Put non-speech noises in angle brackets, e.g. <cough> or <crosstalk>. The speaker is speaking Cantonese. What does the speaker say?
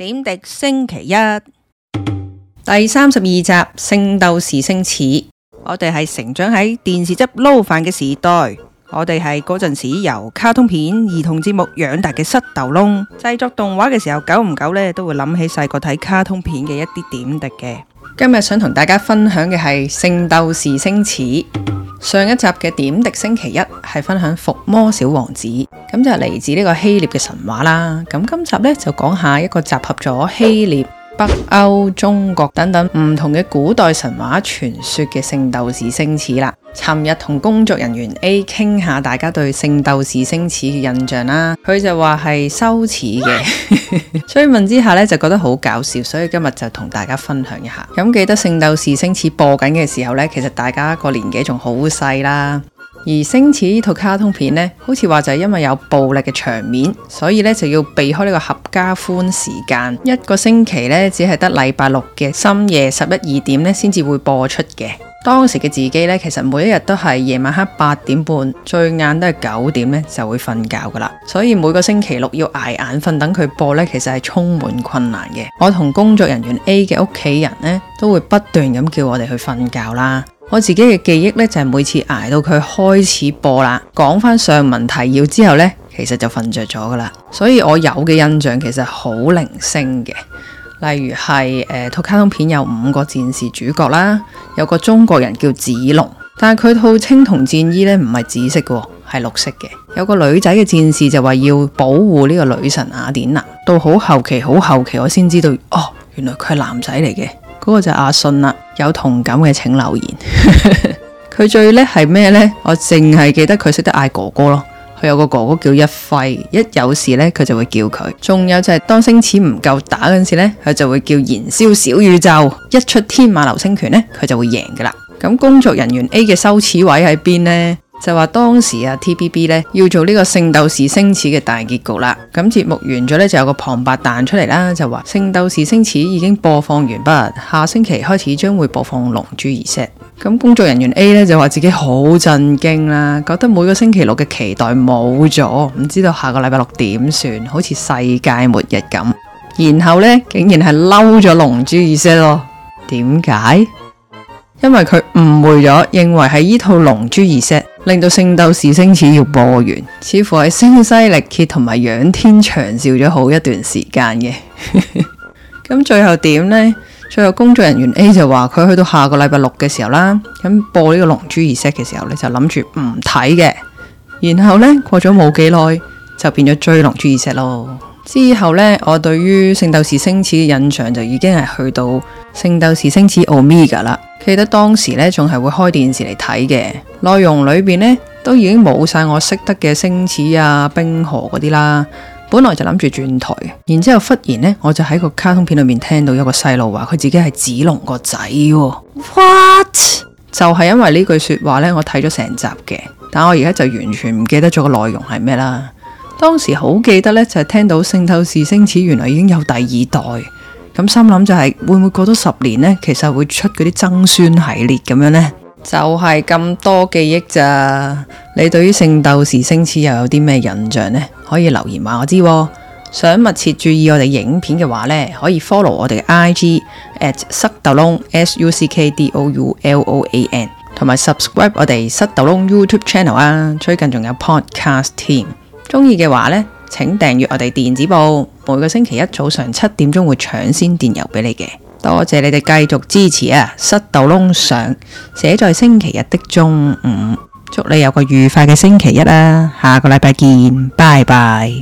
點滴星期一第三十二集《聖鬥士星矢》， <noise> 我哋係成長喺電視汁撈飯嘅時代，我哋係嗰陣時由卡通片、兒童節目養大嘅膝頭窿。製作動畫嘅時候，久唔久呢，都會諗起細個睇卡通片嘅一啲點滴嘅。今日想同大家分享嘅係《聖鬥士星矢》。上一集嘅點滴星期一係分享伏魔小王子，咁就嚟自呢個希臘嘅神話啦。咁今集呢，就講下一個集合咗希臘、北歐、中國等等唔同嘅古代神話傳說嘅聖鬥士星矢啦。尋日同工作人員 A 傾下，大家對《聖鬥士星矢》嘅印象啦，佢就話係羞恥嘅，追問之下咧就覺得好搞笑，所以今日就同大家分享一下。咁記得《聖鬥士星矢》播緊嘅時候咧，其實大家個年紀仲好細啦，而星矢呢套卡通片咧，好似話就係因為有暴力嘅場面，所以咧就要避開呢個合家歡時間，一個星期咧只係得禮拜六嘅深夜十一二點咧先至會播出嘅。當時嘅自己呢，其實每一日都係夜晚黑八點半，最晏都係九點呢就會瞓覺噶啦。所以每個星期六要挨眼瞓等佢播呢，其實係充滿困難嘅。我同工作人員 A 嘅屋企人呢，都會不斷咁叫我哋去瞓覺啦。我自己嘅記憶呢，就係每次挨到佢開始播啦，講翻上文提要之後呢，其實就瞓着咗噶啦。所以我有嘅印象其實好零星嘅。例如係誒套卡通片有五個戰士主角啦，有個中國人叫紫龍，但係佢套青銅戰衣呢唔係紫色嘅，係綠色嘅。有個女仔嘅戰士就話要保護呢個女神雅典娜，到好後期好後期我先知道哦，原來佢係男仔嚟嘅，嗰、嗰個就係阿信啦。有同感嘅請留言。佢 <laughs> 最叻係咩呢？我淨係記得佢識得嗌哥哥咯。佢有個哥哥叫一輝，一有事咧佢就會叫佢。仲有就係當星矢唔夠打嗰陣時咧，佢就會叫燃燒小宇宙，一出天馬流星拳咧，佢就會贏噶啦。咁工作人員 A 嘅羞恥位喺邊呢？就話當時啊 TBB 咧要做呢個聖鬥士星矢嘅大結局啦。咁節目完咗咧，就有個旁白彈出嚟啦，就話聖鬥士星矢已經播放完畢，下星期開始將會播放龍珠 Z。咁工作人員 A 咧就話自己好震驚啦，覺得每個星期六嘅期待冇咗，唔知道下個禮拜六點算，好似世界末日咁。然後呢，竟然係嬲咗《龍珠》Z 咯，點解？因為佢誤會咗，認為係呢套《龍珠》Z 令到《聖鬥士星矢》要播完，似乎係聲嘶力竭同埋仰天長笑咗好一段時間嘅。咁 <laughs> 最後點呢？最後工作人員 A 就話佢去到下個禮拜六嘅時候啦，咁播呢個《龍珠 Z》嘅時候咧，就諗住唔睇嘅。然後呢，過咗冇幾耐，就變咗追《龍珠 Z》咯。之後呢，我對於《聖鬥士星矢》嘅印象就已經係去到《聖鬥士星矢》Omega 啦。記得當時呢，仲係會開電視嚟睇嘅，內容裏邊呢，都已經冇晒我識得嘅星矢啊、冰河嗰啲啦。本來就諗住轉台，然之後忽然呢，我就喺個卡通片裏面聽到一個細路話佢自己係子龍個仔喎。What？就係因為呢句說話呢，我睇咗成集嘅，但我而家就完全唔記得咗個內容係咩啦。當時好記得呢，就係聽到《聖鬥士星矢》原來已經有第二代，咁心諗就係會唔會過咗十年呢，其實會出嗰啲曾孫系列咁樣呢？就係咁多記憶咋？你對於聖鬥士星矢又有啲咩印象呢？可以留言話我知。想密切注意我哋影片嘅話呢，可以 follow 我哋嘅 IG at 塞豆窿 s u c k d o u l o a n，同埋 subscribe 我哋塞豆窿 YouTube channel 啊。最近仲有 podcast team，中意嘅話呢，請訂閱我哋電子報，每個星期一早上七點鐘會搶先電郵俾你嘅。多謝你哋繼續支持啊！失道窿上寫在星期日的中午，祝你有個愉快嘅星期一啦，啊！下個禮拜見，拜拜。